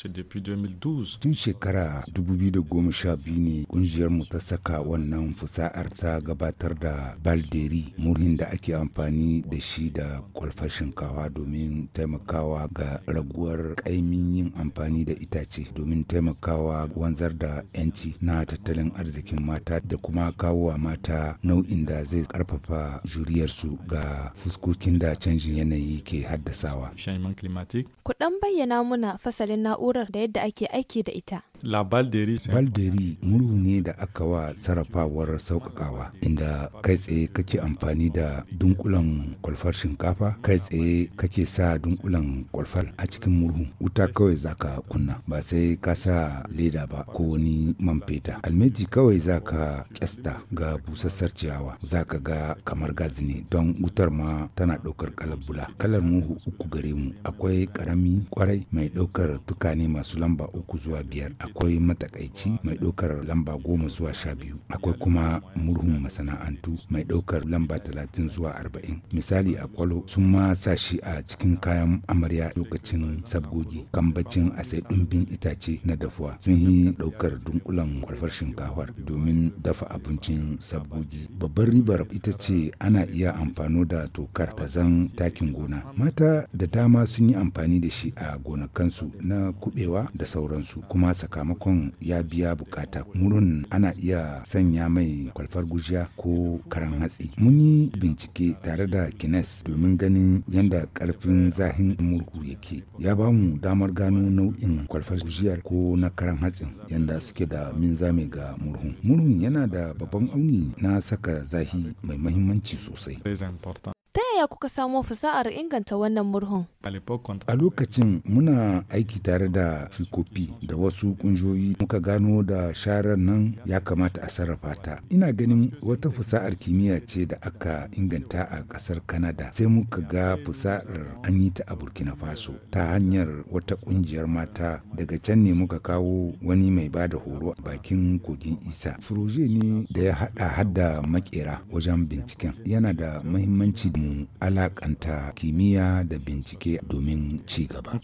Tun shekara 2012 ne kungiyarmu ta saka wannan fusa'ar ta gabatar da balderi murhin da ake amfani da shi da kwalfar shinkawa domin taimakawa ga raguwar kaimin yin amfani da itace domin taimakawa wanzar da 'yanci na tattalin arzikin mata da kuma kawowa mata nau'in da zai karfafa juriyarsu ga fuskokin da canjin yanayi ke haddasawa. Kuɗan bayyana muna fasalin na'ura na'urar da yadda ake aiki da ita. La Balderi Balderi murhu ne da aka wa sarrafawar sauƙaƙawa inda kai tsaye kake amfani da dunkulan kwalfar shinkafa kai tsaye kake sa dunkulan kwalfar a cikin murhu wuta kawai zaka kunna ba sai ka sa leda ba ko wani man feta almeji kawai zaka ƙyasta. ga busassar ciyawa zaka ga kamar gas ne don wutar ma tana ɗaukar kalabula kalar murhu uku gare mu akwai ƙarami kwarai mai ɗaukar tukane masu lamba uku zuwa biyar akwai matakaici mai ɗaukar lamba goma zuwa sha biyu akwai kuma murhun masana'antu mai ɗaukar lamba talatin zuwa arba'in misali a kwalo sun ma sa shi a cikin kayan amarya lokacin sabgogi kambacin a sai ɗumbin itace na dafuwa sun yi ɗaukar dunkulan kwalfar shinkafar domin dafa abincin sabgogi babbar ribar ita ce ana iya amfano da tokar ta zan takin gona mata da dama sun yi amfani da shi a gonakansu na kuɓewa da sauransu kuma saka sakamakon ya biya bukata murun ana iya sanya mai kwalfar gujiya ko karan hatsi mun yi bincike tare da kines domin ganin yadda karfin zahin murhu yake ya ba mu damar gano nau'in kwalfar gujiyar ko na karan hatsin yadda suke da minzame ga murhun murhun yana da babban auni na saka zahi mai mahimmanci sosai ya kuka samo fasahar inganta wannan murhun? A lokacin muna aiki tare da fikofi da wasu kunjoyi muka gano da sharar nan ya kamata a sarrafa ta. Ina ganin wata fasa'ar kimiyya ce da aka inganta a ƙasar Kanada sai muka ga fasa'ar an yi ta a Burkina Faso ta hanyar wata ƙungiyar mata daga can ne muka kawo wani mai ba da horo a bakin kogin Isa. Furoje ne da ya haɗa hada makera wajen binciken yana da mahimmanci mu alakanta kimiyya da bincike domin ci gaba.